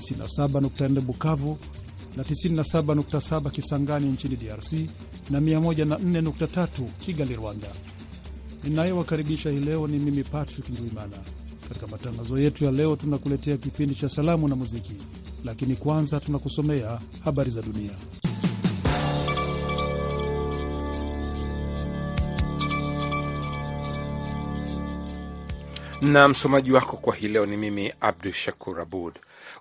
97.4 Bukavu na 97.7 Kisangani nchini DRC na 104.3 Kigali, Rwanda. Ninayewakaribisha hii leo ni mimi Patrick Ndwimana. Katika matangazo yetu ya leo, tunakuletea kipindi cha salamu na muziki, lakini kwanza tunakusomea habari za dunia. Na msomaji wako kwa hii leo ni mimi Abdu Shakur Abud.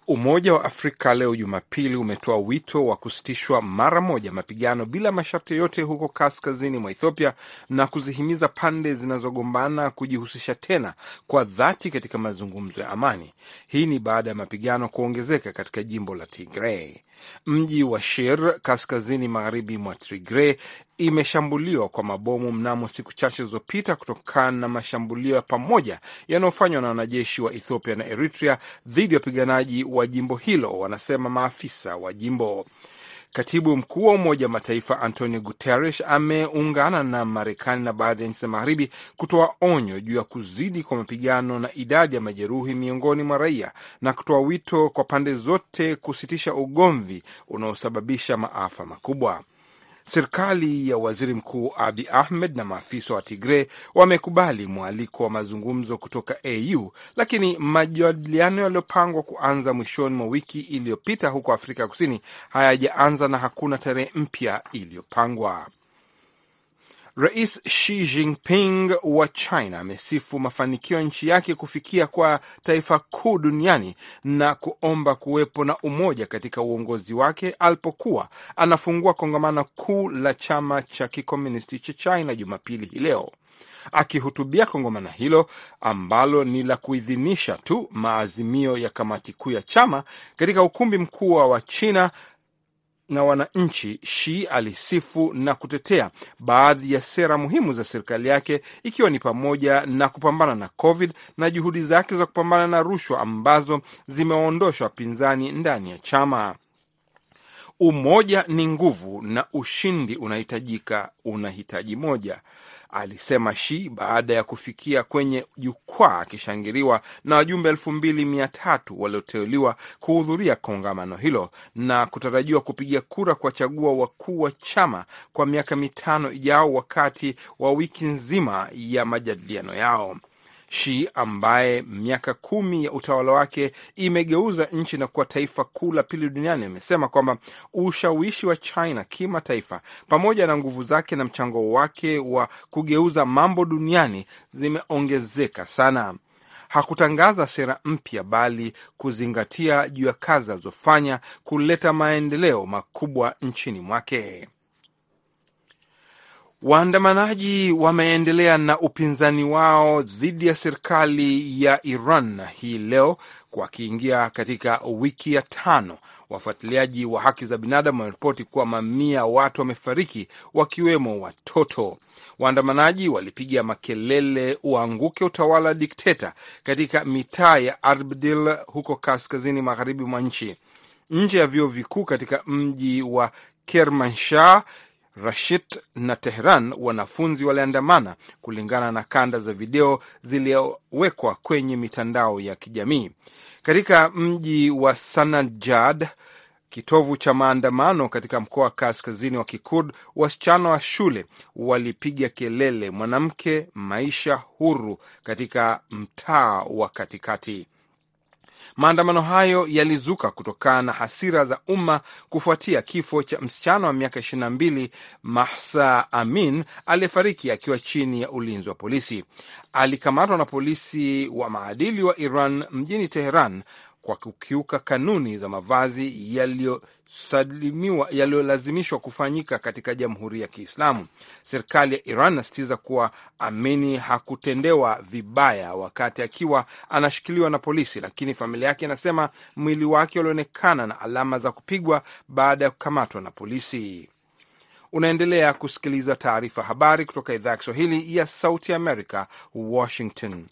Umoja wa Afrika leo Jumapili umetoa wito wa kusitishwa mara moja mapigano bila masharti yote huko kaskazini mwa Ethiopia na kuzihimiza pande zinazogombana kujihusisha tena kwa dhati katika mazungumzo ya amani. Hii ni baada ya mapigano kuongezeka katika jimbo la Tigray. Mji wa Shir kaskazini magharibi mwa Tigray imeshambuliwa kwa mabomu mnamo siku chache zilizopita kutokana na mashambulio ya pamoja yanayofanywa na wanajeshi wa Ethiopia na Eritrea dhidi ya wapiganaji wa jimbo hilo, wanasema maafisa wa jimbo. Katibu mkuu wa Umoja wa Mataifa Antonio Guterres ameungana na Marekani na baadhi ya nchi za Magharibi kutoa onyo juu ya kuzidi kwa mapigano na idadi ya majeruhi miongoni mwa raia na kutoa wito kwa pande zote kusitisha ugomvi unaosababisha maafa makubwa. Serikali ya waziri mkuu Abi Ahmed na maafisa wa Tigre wamekubali mwaliko wa mazungumzo kutoka AU, lakini majadiliano yaliyopangwa kuanza mwishoni mwa wiki iliyopita huko Afrika Kusini hayajaanza na hakuna tarehe mpya iliyopangwa. Rais Xi Jinping wa China amesifu mafanikio ya nchi yake kufikia kwa taifa kuu duniani na kuomba kuwepo na umoja katika uongozi wake alipokuwa anafungua kongamano kuu la chama cha kikomunisti cha China Jumapili hii leo. Akihutubia kongamano hilo ambalo ni la kuidhinisha tu maazimio ya kamati kuu ya chama katika ukumbi mkuu wa China na wananchi, Shi alisifu na kutetea baadhi ya sera muhimu za serikali yake ikiwa ni pamoja na kupambana na COVID na juhudi zake za kupambana na rushwa ambazo zimewaondosha wapinzani ndani ya chama. Umoja ni nguvu na ushindi unahitajika, unahitaji moja alisema Shi baada ya kufikia kwenye jukwaa akishangiliwa na wajumbe elfu mbili mia tatu walioteuliwa kuhudhuria kongamano hilo na kutarajiwa kupiga kura kuwachagua wakuu wa chama kwa miaka mitano ijao wakati wa wiki nzima ya majadiliano yao. Shi ambaye miaka kumi ya utawala wake imegeuza nchi na kuwa taifa kuu la pili duniani amesema kwamba ushawishi wa China kimataifa pamoja na nguvu zake na mchango wake wa kugeuza mambo duniani zimeongezeka sana. Hakutangaza sera mpya bali kuzingatia juu ya kazi alizofanya kuleta maendeleo makubwa nchini mwake. Waandamanaji wameendelea na upinzani wao dhidi ya serikali ya Iran hii leo wakiingia katika wiki ya tano. Wafuatiliaji wa haki za binadamu wameripoti kuwa mamia watu wamefariki wakiwemo watoto. Waandamanaji walipiga makelele uanguke utawala dikteta katika mitaa ya arbdil huko kaskazini magharibi mwa nchi. Nje ya vyuo vikuu katika mji wa Kermanshah Rashid na Tehran, wanafunzi waliandamana kulingana na kanda za video zilizowekwa kwenye mitandao ya kijamii. Katika mji wa Sanajad, kitovu cha maandamano katika mkoa wa kaskazini wa Kikurd, wasichana wa shule walipiga kelele mwanamke maisha huru katika mtaa wa katikati. Maandamano hayo yalizuka kutokana na hasira za umma kufuatia kifo cha msichana wa miaka 22 Mahsa Amin aliyefariki akiwa chini ya ulinzi wa polisi. Alikamatwa na polisi wa maadili wa Iran mjini Teheran kwa kukiuka kanuni za mavazi yaliyolazimishwa kufanyika katika Jamhuri ya Kiislamu. Serikali ya Iran inasitiza kuwa Amini hakutendewa vibaya wakati akiwa anashikiliwa na polisi, lakini familia yake inasema mwili wake ulionekana na alama za kupigwa baada ya kukamatwa na polisi. Unaendelea kusikiliza taarifa habari kutoka idhaa ya Kiswahili ya Sauti Amerika, Washington.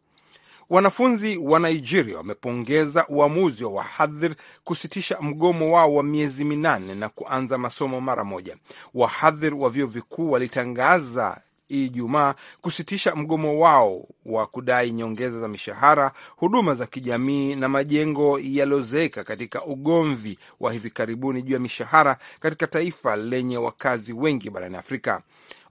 Wanafunzi wa Nigeria wamepongeza uamuzi wa wahadhir kusitisha mgomo wao wa miezi minane na kuanza masomo mara moja. wahadhir wa vyuo vikuu walitangaza Ijumaa kusitisha mgomo wao wa kudai nyongeza za mishahara, huduma za kijamii na majengo yaliyozeeka katika ugomvi wa hivi karibuni juu ya mishahara katika taifa lenye wakazi wengi barani Afrika.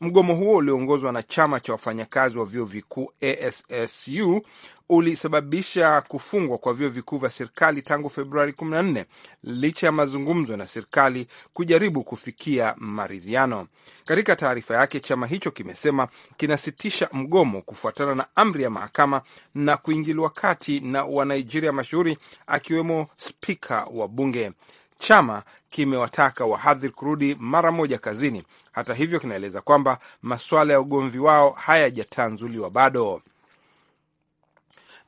Mgomo huo ulioongozwa na chama cha wafanyakazi wa vyuo vikuu ASSU ulisababisha kufungwa kwa vyuo vikuu vya serikali tangu Februari 14 licha ya mazungumzo na serikali kujaribu kufikia maridhiano. Katika taarifa yake, chama hicho kimesema kinasitisha mgomo kufuatana na amri ya mahakama na kuingiliwa kati na Wanigeria mashuhuri akiwemo spika wa bunge. Chama kimewataka wahadhiri kurudi mara moja kazini hata hivyo, kinaeleza kwamba masuala ya ugomvi wao hayajatanzuliwa bado.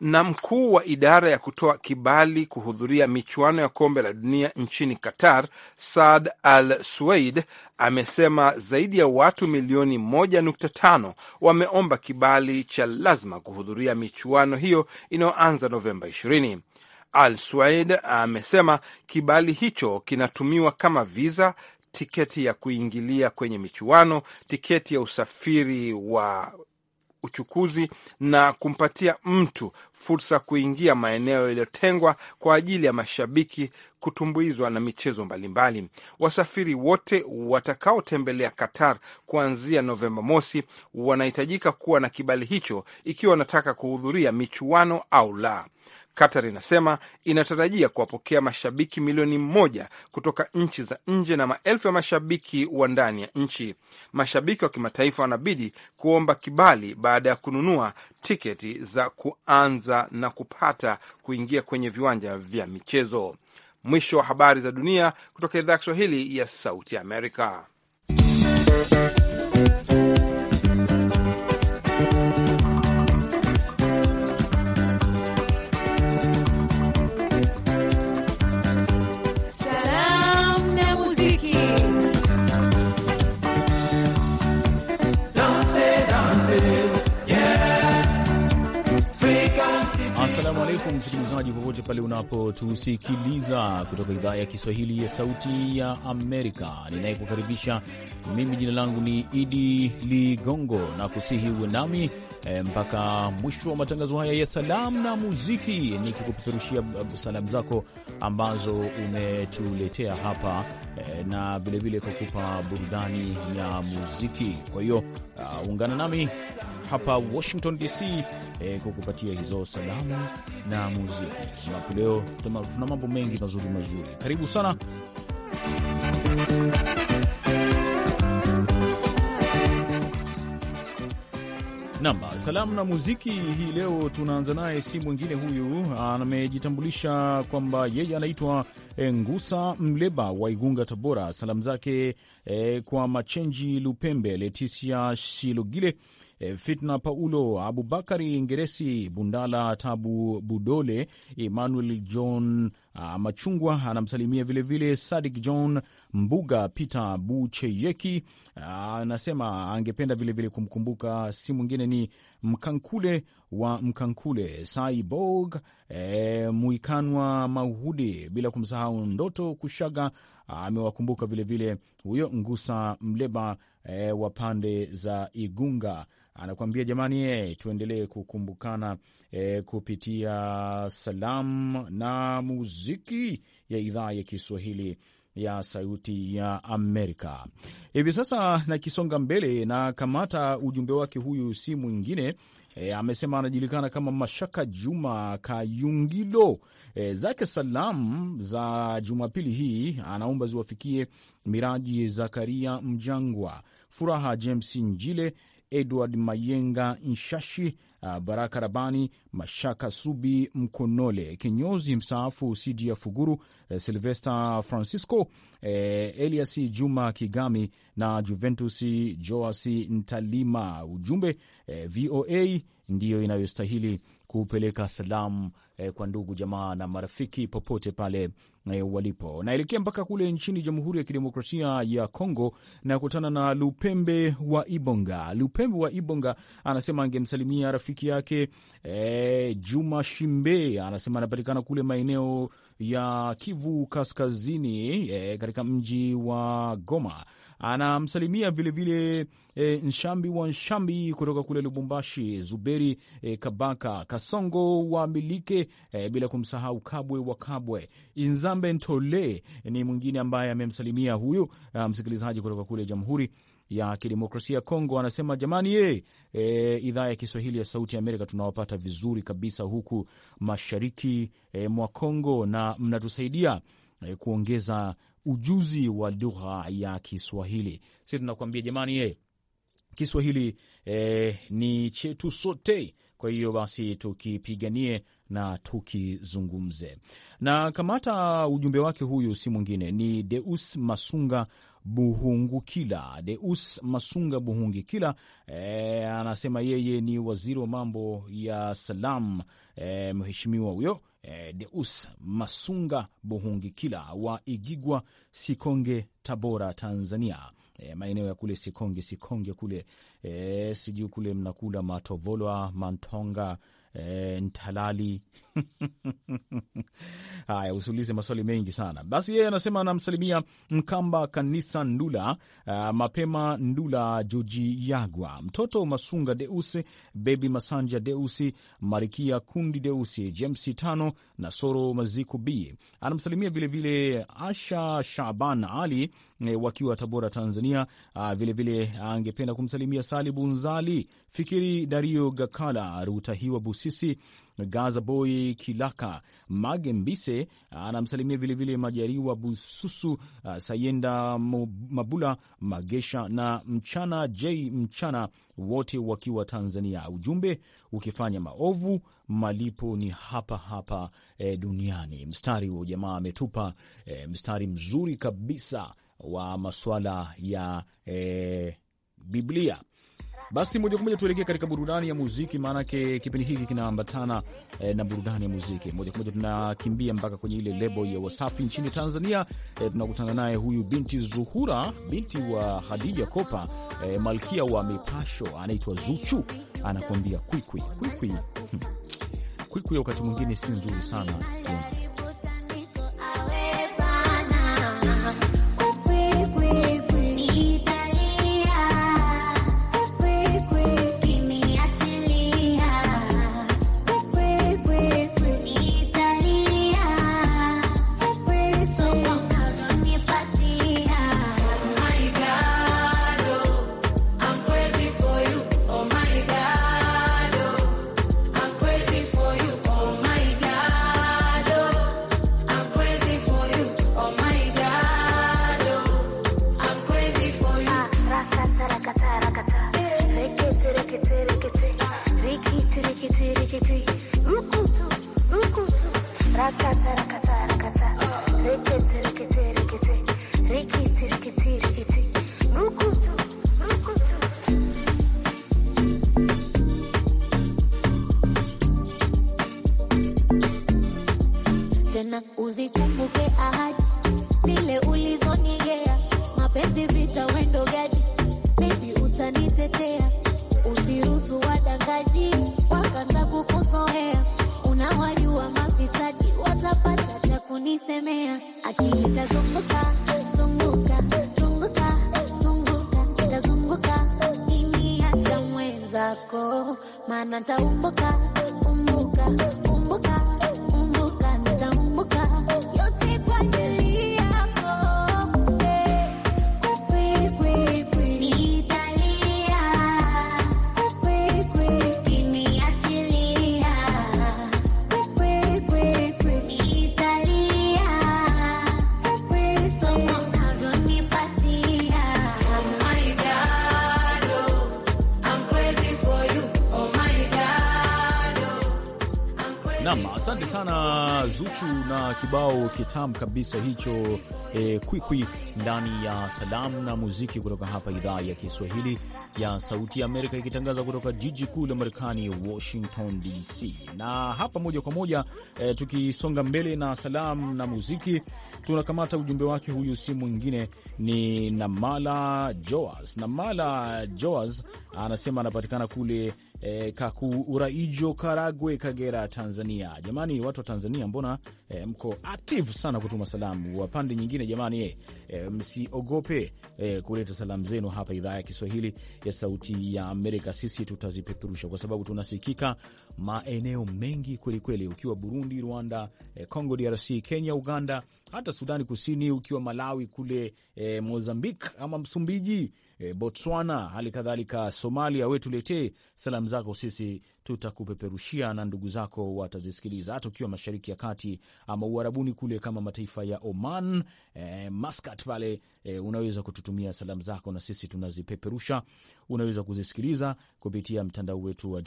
Na mkuu wa idara ya kutoa kibali kuhudhuria michuano ya kombe la dunia nchini Qatar, Saad Al Sueid, amesema zaidi ya watu milioni 1.5 wameomba kibali cha lazima kuhudhuria michuano hiyo inayoanza Novemba 20. Al Sueid amesema kibali hicho kinatumiwa kama viza tiketi ya kuingilia kwenye michuano, tiketi ya usafiri wa uchukuzi na kumpatia mtu fursa kuingia maeneo yaliyotengwa kwa ajili ya mashabiki kutumbuizwa na michezo mbalimbali. Wasafiri wote watakaotembelea Qatar kuanzia Novemba mosi wanahitajika kuwa na kibali hicho ikiwa wanataka kuhudhuria michuano au la. Qatar inasema inatarajia kuwapokea mashabiki milioni moja kutoka nchi za nje na maelfu ya mashabiki wa ndani ya nchi. Mashabiki wa kimataifa wanabidi kuomba kibali baada ya kununua tiketi za kuanza na kupata kuingia kwenye viwanja vya michezo. Mwisho wa habari za dunia kutoka idhaa ya Kiswahili ya Sauti Amerika. yako msikilizaji, popote pale unapotusikiliza kutoka idhaa ya Kiswahili ya Sauti ya Amerika. Ninayekukaribisha mimi, jina langu ni Idi Ligongo, na kusihi uwe nami e, mpaka mwisho wa matangazo haya ya salamu na muziki, nikikupeperushia eh, salamu zako ambazo umetuletea hapa e, na vilevile kukupa burudani ya muziki. Kwa hiyo uh, ungana nami hapa Washington DC eh, kukupatia hizo salamu na muziki, ambapo leo tuna mambo mengi mazuri mazuri. Karibu sana. Nam, salamu na muziki hii leo tunaanza naye, si mwingine huyu, amejitambulisha kwamba yeye anaitwa eh, Ngusa Mleba wa Igunga, Tabora. Salamu zake e, kwa Machenji Lupembe, Letisia Shilogile E, fitna Paulo, Abubakari Ngeresi, Bundala Tabu Budole, Emmanuel John Machungwa anamsalimia vilevile Sadik John Mbuga, Peter Bucheyeki anasema angependa vilevile kumkumbuka, si mwingine ni Mkankule wa Mkankule, Saibog e, Muikanwa Mahudi, bila kumsahau Ndoto Kushaga amewakumbuka vilevile huyo Ngusa Mleba e, wa pande za Igunga anakuambia jamani, e, tuendelee kukumbukana e, kupitia salamu na muziki ya idhaa ya Kiswahili ya Sauti ya Amerika. Hivi sasa nakisonga mbele na kamata ujumbe wake, huyu si mwingine E, amesema anajulikana kama Mashaka Juma Kayungilo. E, zake salamu za Jumapili hii anaomba ziwafikie Miraji Zakaria Mjangwa, Furaha James Njile, Edward Mayenga Nshashi, uh, Baraka Rabani, Mashaka Subi Mkonole, kinyozi mstaafu Sidia Fuguru, uh, Silvester Francisco, uh, Elias Juma Kigami na Juventus Joas Ntalima. Ujumbe, VOA ndiyo inayostahili kupeleka salamu eh, kwa ndugu jamaa na marafiki popote pale eh, walipo. Naelekea mpaka kule nchini Jamhuri ya Kidemokrasia ya Kongo na kutana na Lupembe wa Ibonga. Lupembe wa Ibonga anasema angemsalimia rafiki yake eh, Juma Shimbe, anasema anapatikana kule maeneo ya Kivu Kaskazini eh, katika mji wa Goma Anamsalimia vilevile e, Nshambi wa Nshambi kutoka kule Lubumbashi, Zuberi e, Kabaka Kasongo wa Milike e, bila kumsahau Kabwe wa Kabwe. Inzambe Ntole ni mwingine ambaye amemsalimia huyu e, msikilizaji kutoka kule Jamhuri ya Kidemokrasia ya Kongo anasema jamani, ye e, idhaa ya Kiswahili ya Sauti ya Amerika tunawapata vizuri kabisa huku mashariki e, mwa Kongo na mnatusaidia e, kuongeza ujuzi wa lugha ya Kiswahili. Si tunakuambia jamani, ye eh, Kiswahili eh, ni chetu sote. Kwa hiyo basi tukipiganie na tukizungumze. Na kamata ujumbe wake, huyu si mwingine ni Deus Masunga Buhungukila. Deus Masunga Buhungukila e, anasema yeye ni waziri wa mambo ya salam eh, mheshimiwa huyo eh, Deus Masunga kila wa Igigwa, Sikonge, Tabora, Tanzania. E, maeneo ya kule Sikonge, Sikonge kule e, sijui kule mnakula matovolwa, mantonga, e, ntalali Haya, usiulize maswali mengi sana. Basi yeye anasema anamsalimia Mkamba Kanisa Ndula, uh, Mapema Ndula, Joji Yagwa, Mtoto Masunga Deusi, Bebi Masanja Deusi, Marikia Kundi Deusi, James Tano na Soro Maziku B. Anamsalimia vilevile vile Asha Shaban Ali eh, wakiwa Tabora, Tanzania. Vilevile uh, vile angependa kumsalimia Sali Bunzali, Fikiri Dario Gakala, Rutahiwa Busisi Gaza Boy Kilaka Mage Mbise ah, anamsalimia vilevile Majariwa Bususu, ah, Sayenda Mabula Magesha na Mchana J Mchana, wote wakiwa Tanzania. Ujumbe ukifanya maovu malipo ni hapa hapa e, duniani. Mstari wa ujamaa ametupa e, mstari mzuri kabisa wa masuala ya e, Biblia basi moja kwa moja tuelekee katika burudani ya muziki, maanake kipindi hiki kinaambatana eh, na burudani ya muziki. Moja kwa moja tunakimbia mpaka kwenye ile lebo ya Wasafi nchini Tanzania. Eh, tunakutana naye huyu binti Zuhura, binti wa Hadija Kopa, eh, malkia wa mipasho, anaitwa Zuchu, anakuambia kwikwi kwikwi hmm. kwikwi. Wakati mwingine si nzuri sana kuimba tena uzikumbuke ahadi zile ulizonigea, mapenzi vita wendo gadi, bebi utanitetea, usiruhusu wadangaji wakaza kukuzoea. Unawajua mafisadi watapata cha kunisemea, akili tazunguka zunguka zunguka zunguka itazunguka hata mwenzako, maana taumbuka umbuka umbuka 眼里。Nam, asante sana Zuchu na kibao kitamu kabisa hicho e, kwikwi ndani ya salamu na muziki kutoka hapa idhaa ya Kiswahili ya Sauti ya Amerika ikitangaza kutoka jiji kuu la Marekani, Washington DC. Na hapa moja kwa moja e, tukisonga mbele na salamu na muziki, tunakamata ujumbe wake. Huyu si mwingine ni Namala Joas. Namala Joas anasema anapatikana kule E, Kakuraijo, Karagwe, Kagera, Tanzania. Jamani, watu wa Tanzania, mbona e, mko active sana kutuma salamu. Wapande nyingine nyingine jamani, e, msiogope e, kuleta salamu zenu hapa idhaa ya Kiswahili ya Sauti ya Amerika. Sisi tutazipeperusha kwa sababu tunasikika maeneo mengi kwelikweli, ukiwa Burundi, Rwanda, e, Congo DRC, Kenya, Uganda, hata Sudani Kusini, ukiwa Malawi kule, e, Mozambik ama Msumbiji e, Botswana, hali kadhalika Somalia. We tuletee salamu zako, sisi tutakupeperushia na ndugu zako watazisikiliza, hata ukiwa mashariki ya kati ama uharabuni kule, kama mataifa ya Oman, e, Maskat pale, e, unaweza kututumia salamu zako na sisi tunazipeperusha. Unaweza kuzisikiliza kupitia mtandao wetu wa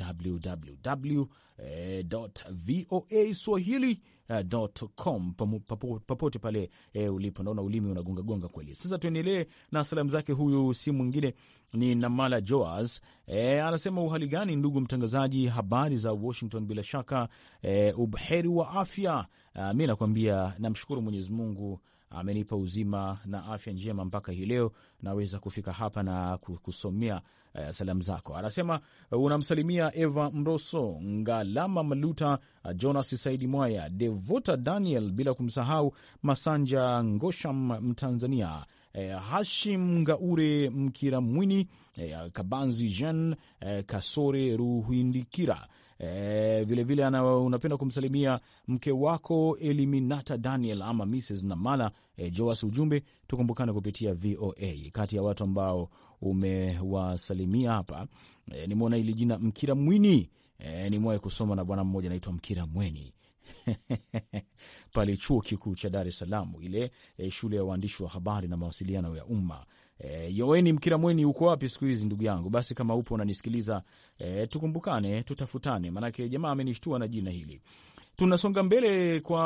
www e, voa swahili uh, popote pale e, ulipo. Naona ulimi unagongagonga kweli. Sasa tuendelee na salamu zake. Huyu si mwingine ni Namala Joas. E, anasema uhali gani ndugu mtangazaji, habari za Washington? Bila shaka e, ubheri wa afya. Ah, mi nakuambia namshukuru Mwenyezi Mungu amenipa uzima na afya njema mpaka hii leo naweza kufika hapa na kusomea uh, salamu zako. Anasema eh, unamsalimia Eva Mroso, Ngalama Maluta, eh, Jonas Saidi Mwaya, Devota Daniel, bila kumsahau Masanja Ngosham Mtanzania, Hashim Ngaure Mkiramwini, eh, Kabanzi Jean, Kasore Ruhindikira. Eh, vilevile unapenda kumsalimia mke wako Eliminata Daniel ama Mrs Namala. Eh, Joas, ujumbe tukumbukane kupitia VOA, kati ya watu ambao umewasalimia hapa e, nimeona hili jina Mkira Mwini e, nimewahi kusoma na bwana mmoja anaitwa Mkira Mweni pale chuo kikuu cha Dar es Salaam, ile e, shule ya waandishi wa habari na mawasiliano ya umma. E, yoweni Mkira Mweni, uko wapi siku hizi ndugu yangu? Basi kama upo unanisikiliza, e, tukumbukane, tutafutane, maanake jamaa amenishtua na jina hili. Tunasonga mbele kwa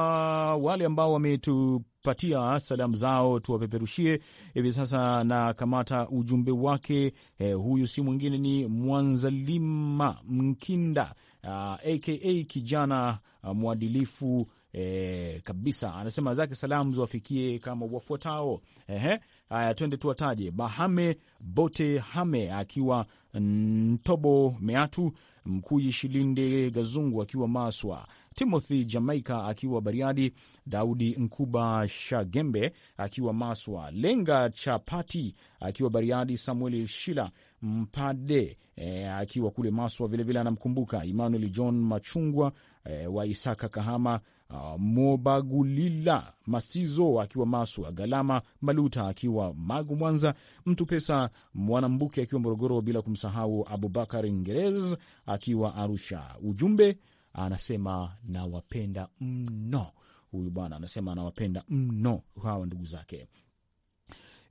wale ambao wametupatia salamu zao, tuwapeperushie hivi sasa. Na kamata ujumbe wake eh, huyu si mwingine ni Mwanzalima Mkinda uh, eh, aka kijana uh, mwadilifu eh, kabisa. Anasema zake salamu ziwafikie kama wafuatao. Ehe, haya twende tuwataje: Bahame Bote Hame akiwa Ntobo Meatu, Mkuyi Shilinde Gazungu akiwa Maswa Timothy Jamaika akiwa Bariadi, Daudi Nkuba Shagembe akiwa Maswa, Lenga Chapati akiwa Bariadi, Samuel Shila Mpade e, akiwa kule Maswa vilevile anamkumbuka Emmanuel John Machungwa e, wa Isaka Kahama, Uh, Mobagulila Masizo akiwa Maswa, Galama Maluta akiwa Magu Mwanza, mtu pesa Mwanambuke akiwa Morogoro, bila kumsahau Abubakar Ngerez akiwa Arusha. Ujumbe anasema nawapenda mno. Huyu bwana anasema anawapenda mno hawa ndugu zake.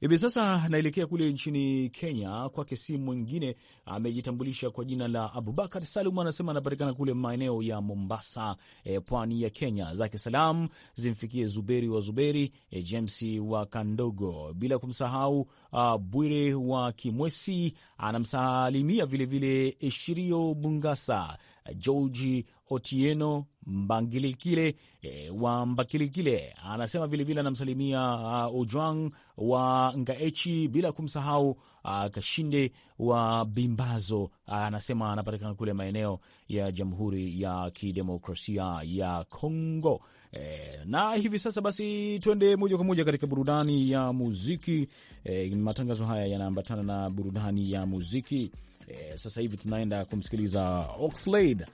Hivi sasa naelekea kule nchini Kenya, kwake si mwingine, amejitambulisha kwa jina la Abubakar Salum. Anasema anapatikana kule maeneo ya Mombasa, e, pwani ya Kenya. Zake salam zimfikie Zuberi wa Zuberi, e, James wa Kandogo, bila kumsahau uh, Bwire wa Kimwesi. Anamsalimia vilevile Eshirio Bungasa, George Otieno Mbangilikile e, eh, wa Mbakilikile anasema vilevile anamsalimia uh, Ojwang wa Ngaechi, bila kumsahau uh, Kashinde wa Bimbazo. Anasema anapatikana kule maeneo ya Jamhuri ya Kidemokrasia ya Kongo. E, na hivi sasa basi tuende moja kwa moja katika burudani ya muziki. E, matangazo haya yanaambatana na burudani ya muziki. E, sasa hivi tunaenda kumsikiliza Oxlade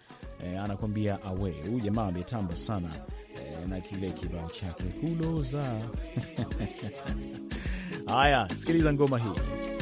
e, anakuambia awe. Huyu jamaa ametamba sana e, na kile kibao chake kuloza. Haya, sikiliza ngoma hii.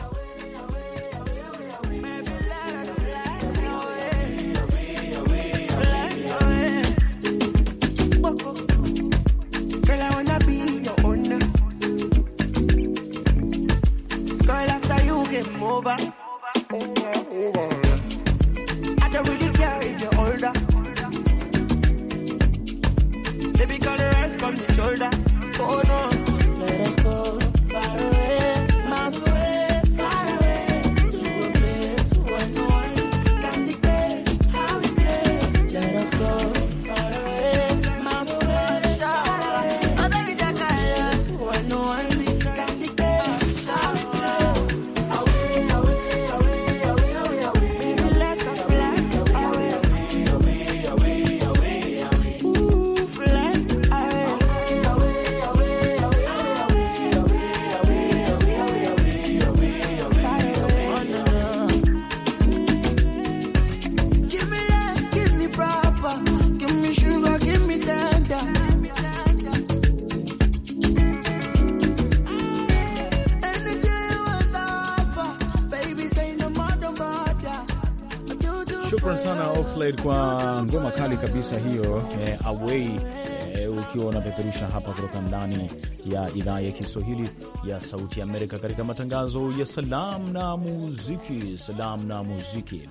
ngoma kali kabisa hiyo eh, away eh, ukiwa unapeperusha hapa kutoka ndani ya idhaa ya Kiswahili ya Sauti ya Amerika katika matangazo ya salam na muziki, salam na muziki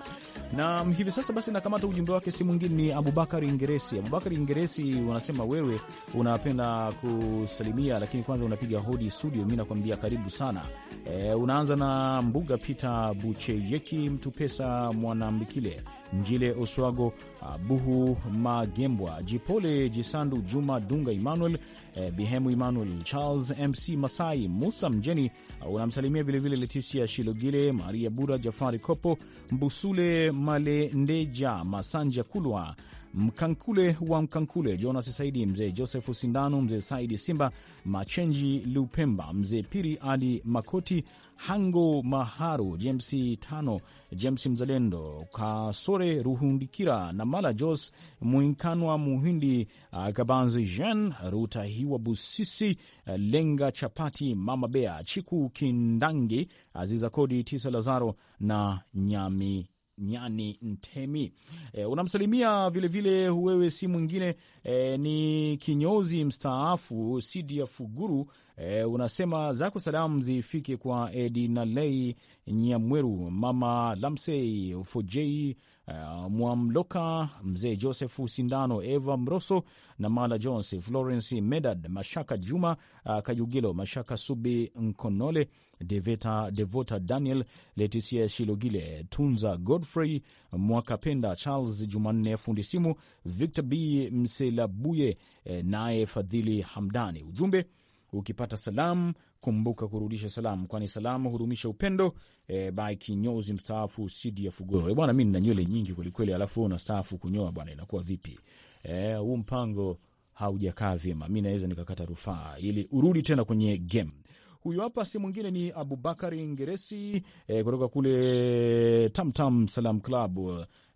na mm, hivi sasa basi nakamata ujumbe wake, si mwingine ni Abubakari Ingeresi. Abubakari Ingeresi, wanasema wewe unapenda kusalimia, lakini kwanza unapiga hodi studio. Mi nakuambia karibu sana. E, unaanza na Mbuga Pita Bucheyeki, Mtu Pesa, Mwanambikile Njile, Oswago Ah, Buhu Magembwa, Jipole Jisandu, Juma Dunga, Emmanuel eh, Bihemu, Emmanuel Charles, MC Masai, Musa Mjeni ah, unamsalimia vilevile Leticia Shilogile, Maria Bura, Jafari Kopo, Mbusule Malendeja, Masanja Kulwa, Mkankule wa Mkankule, Jonas Saidi, mzee Josefu Sindano, mzee Saidi Simba, Machenji Lupemba, mzee Piri Ali Makoti, Hango Maharu, James Tano, James Mzalendo, Kasore Ruhundikira na Mala Jos Mwinkanwa Muhindi uh, Kabanzi Jean Rutahiwa Busisi uh, Lenga Chapati Mama Bea Chiku Kindangi Aziza Kodi Tisa Lazaro na Nyami Nyani Ntemi e, unamsalimia vilevile wewe si mwingine e, ni kinyozi mstaafu Sidia Fuguru. E, unasema zako salamu zifike kwa Edinalei Nyamweru, Mama Lamsei Fojei Eh, Mwamloka, Mzee Josefu Sindano, Eva Mroso na Mala Jones, Florence Medad, Mashaka Juma, eh, Kajugilo Mashaka, Subi Nkonole, Deveta, Devota Daniel, letisia Shilogile, Tunza Godfrey Mwakapenda, Charles Jumanne fundi simu, Victor B Mselabuye, eh, naye Fadhili Hamdani. Ujumbe ukipata salamu kumbuka kurudisha salamu, kwani salamu hudumisha upendo. E, by kinyozi mstaafu Sidi ya Fugoro. E eh, Bwana, mi nina nywele nyingi kwelikweli, alafu unastaafu kunyoa bwana, inakuwa vipi? Eh, huu e, mpango haujakaa vyema, mi naweza nikakata rufaa ili urudi tena kwenye game. Huyu hapa si mwingine ni Abubakari Ngeresi e, kutoka kule Tamtam Salam Club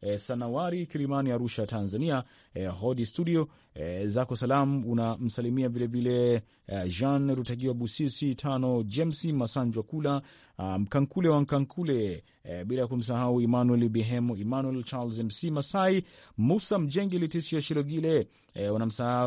e, Sanawari Kilimani, Arusha, Tanzania. E, hodi studio e, zako salam unamsalimia vilevile e, Jean Rutagiwa Busisi tano James Masanjwa Kula e, Mkankule um, wa Mkankule e, bila ya kumsahau Emmanuel Bihemu Emmanuel Charles Mc Masai, Musa Mjengi, Litisia Shilogile e,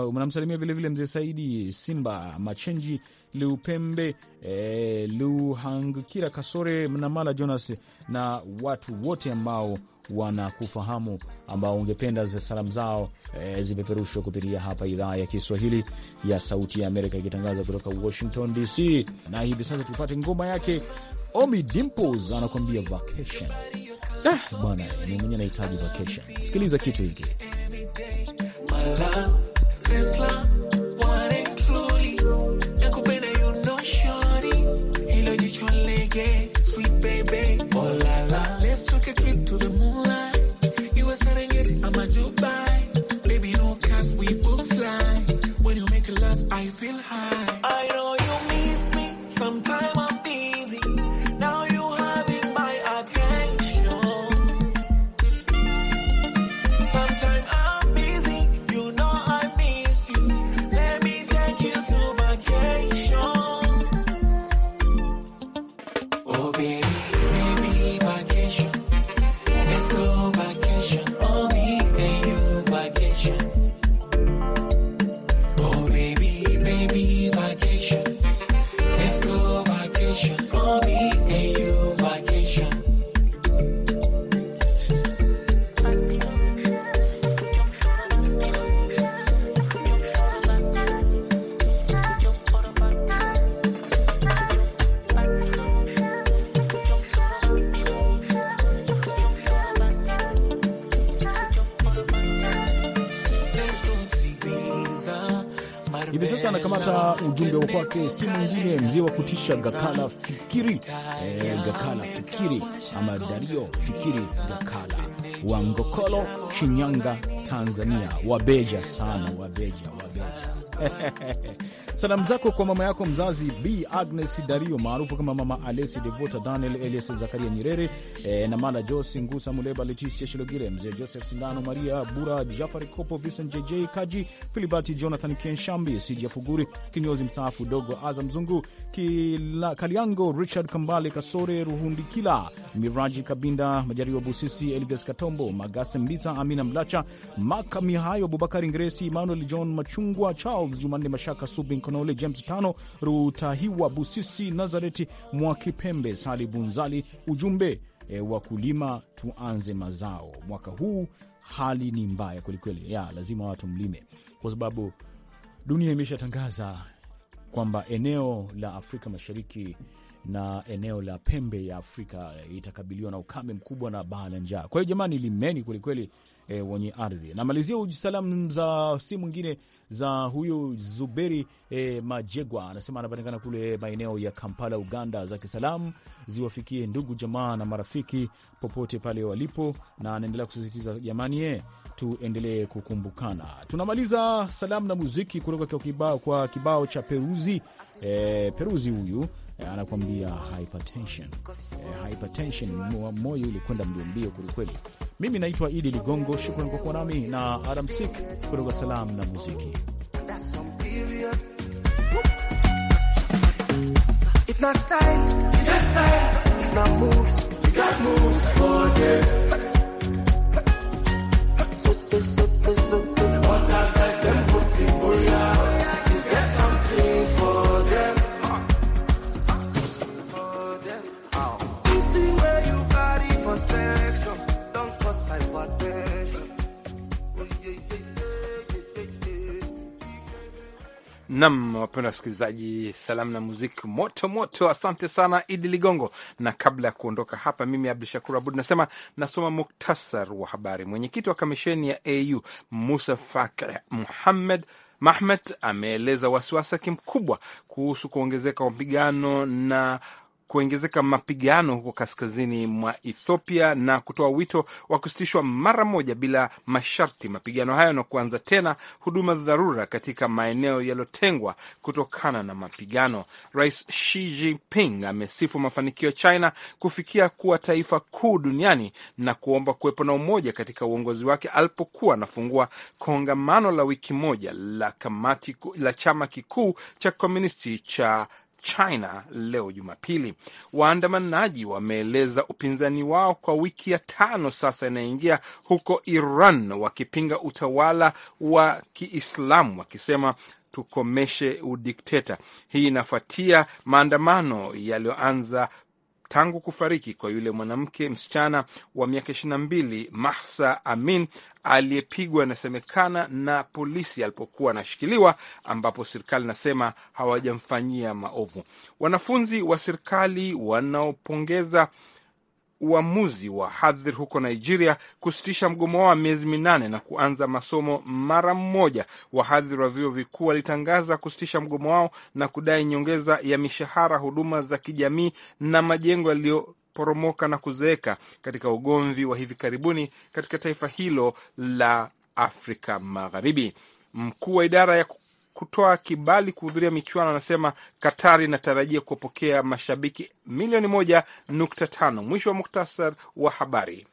unamsalimia vilevile mzee Saidi Simba Machenji Liupembe e, eh, Luhangkira Kasore Mnamala Jonas na watu wote ambao wanakufahamu ambao ungependa za salamu zao e, zipeperushwe kupitia hapa idhaa ya Kiswahili ya Sauti ya Amerika ikitangaza kutoka Washington DC. Na hivi sasa tupate ngoma yake Omi Dimples anakuambia vacation. Ah, bwana mwenyewe anahitaji vacation. Sikiliza kitu hiki My love. to the anakamata ujumbe kwake, si mwingine mzee wa kutisha Gakala Fikiri e, Gakala Fikiri ama Dario Fikiri Gakala wa Ngokolo, Shinyanga, Tanzania. Wabeja sana, wabeja, wabeja Salamu zako kwa mama yako mzazi B Agnes Dario maarufu kama Mama Alesi, Devota Daniel, Elias Zakaria Nyerere e, na Mala Josi Ngusa, Muleba Leticia Shilogile, Mzee Joseph Sindano, Maria Bura, Jafari Kopo, Vincent JJ Kaji, Filibati Jonathan Kenshambi, Sija Fuguri kinyozi mstaafu, Dogo Azam Zungu Kila, Kaliango Richard Kambale Kasore Ruhundi Kila Miraji Kabinda, Majariwa Busisi, Elvis Katombo, Magase Mbisa, Amina Mlacha, Maka Mihayo, Abubakari Ngresi, Emmanuel John Machungwa, Charles Jumanne Mashaka Subin Konaole James tano Rutahiwa Busisi Nazareti Mwakipembe Sali Bunzali. Ujumbe e, wakulima tuanze mazao mwaka huu, hali ni mbaya kwelikweli, ya lazima watu mlime kwa sababu dunia imeshatangaza kwamba eneo la Afrika Mashariki na eneo la pembe ya Afrika itakabiliwa na ukame mkubwa na baa la njaa. Kwa hiyo jamani, limeni kwelikweli e, wenye ardhi. Namalizia salamu za si mwingine za huyu Zuberi e, Majegwa, anasema anapatikana kule maeneo ya Kampala, Uganda. za kisalamu ziwafikie ndugu jamaa na marafiki popote pale walipo, na anaendelea kusisitiza jamani, e, tuendelee kukumbukana. Tunamaliza salamu na muziki kutoka kwa kibao, kwa kibao cha Peruzi e, Peruzi huyu Eh, anakuambia hypertension. E, hypertension moyo ulikwenda mbio mbio kwelikweli. Mimi naitwa Idi Ligongo, shukrani kwa kuwa nami na Adam Sik kutoka Salamu na Muziki. It's not style, it's not style, it's not moves, you got moves for them. mapenda wasikilizaji, salamu na muziki moto moto. Asante sana Idi Ligongo, na kabla ya kuondoka hapa, mimi Abdu Shakur Abud nasema nasoma muktasar wa habari. Mwenyekiti wa kamisheni ya AU Musa Faki Muhammed Mahmet ameeleza wasiwasi mkubwa kuhusu kuongezeka wapigano mapigano na kuongezeka mapigano huko kaskazini mwa Ethiopia na kutoa wito wa kusitishwa mara moja bila masharti mapigano hayo na kuanza tena huduma za dharura katika maeneo yaliyotengwa kutokana na mapigano. Rais Xi Jinping amesifu mafanikio ya China kufikia kuwa taifa kuu duniani na kuomba kuwepo na umoja katika uongozi wake alipokuwa anafungua kongamano la wiki moja la kamati la chama kikuu cha komunisti cha China leo Jumapili. Waandamanaji wameeleza upinzani wao kwa wiki ya tano sasa inayoingia huko Iran, wakipinga utawala wa Kiislamu wakisema tukomeshe udikteta. Hii inafuatia maandamano yaliyoanza tangu kufariki kwa yule mwanamke msichana wa miaka ishirini na mbili Mahsa Amin aliyepigwa inasemekana na polisi alipokuwa anashikiliwa, ambapo serikali inasema hawajamfanyia maovu. Wanafunzi wa serikali wanaopongeza uamuzi wa hadhir huko Nigeria kusitisha mgomo wao wa miezi minane na kuanza masomo mara mmoja. hadhir wa vyuo vikuu walitangaza kusitisha mgomo wao na kudai nyongeza ya mishahara, huduma za kijamii na majengo yaliyoporomoka na kuzeeka, katika ugomvi wa hivi karibuni katika taifa hilo la Afrika Magharibi. Mkuu wa idara ya kutoa kibali kuhudhuria michuano, anasema Katari inatarajia kuwapokea mashabiki milioni moja nukta tano. Mwisho wa muktasar wa habari.